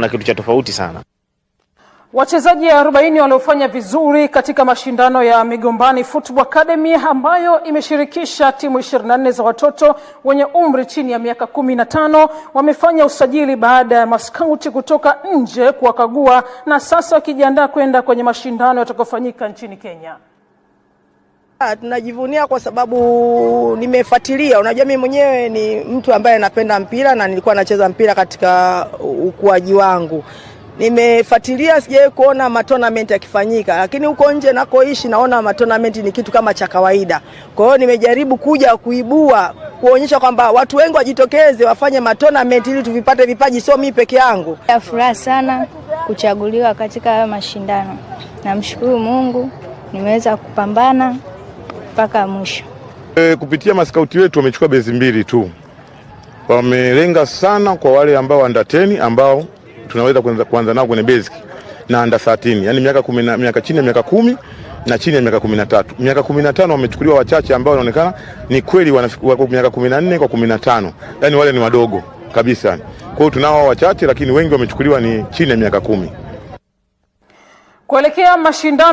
na kitu cha tofauti sana. Wachezaji 40 waliofanya vizuri katika mashindano ya Migombani Football Academy ambayo imeshirikisha timu 24 za watoto wenye umri chini ya miaka 15 wamefanya usajili baada ya maskauti kutoka nje kuwakagua na sasa wakijiandaa kwenda kwenye mashindano yatakayofanyika nchini Kenya. Ah, tunajivunia kwa sababu nimefuatilia. Unajua, mimi mwenyewe ni mtu ambaye napenda mpira na nilikuwa nacheza mpira katika ukuaji wangu. Nimefuatilia, sijawahi kuona matonamenti yakifanyika, lakini huko nje nakoishi naona matonamenti ni kitu kama cha kawaida. Kwa hiyo nimejaribu kuja kuibua, kuonyesha kwamba watu wengi wajitokeze, wafanye matonamenti ili tuvipate vipaji, sio mimi peke yangu. Furaha sana kuchaguliwa katika hayo mashindano, namshukuru Mungu nimeweza kupambana mpaka mwisho. E, kupitia maskauti wetu wamechukua bezi mbili tu, wamelenga sana kwa wale ambao andateni ambao tunaweza kuanza nao kwenye basic na anda 13 yani miaka kumi na, miaka chini ya miaka kumi na chini ya miaka kumi na tatu miaka kumi na tano wamechukuliwa wachache ambao wanaonekana ni kweli wako miaka kumi na nne kwa kumi na tano yani wale ni wadogo kabisa. Kwa hiyo tunao wachache, lakini wengi wamechukuliwa ni chini ya miaka kumi kuelekea mashindano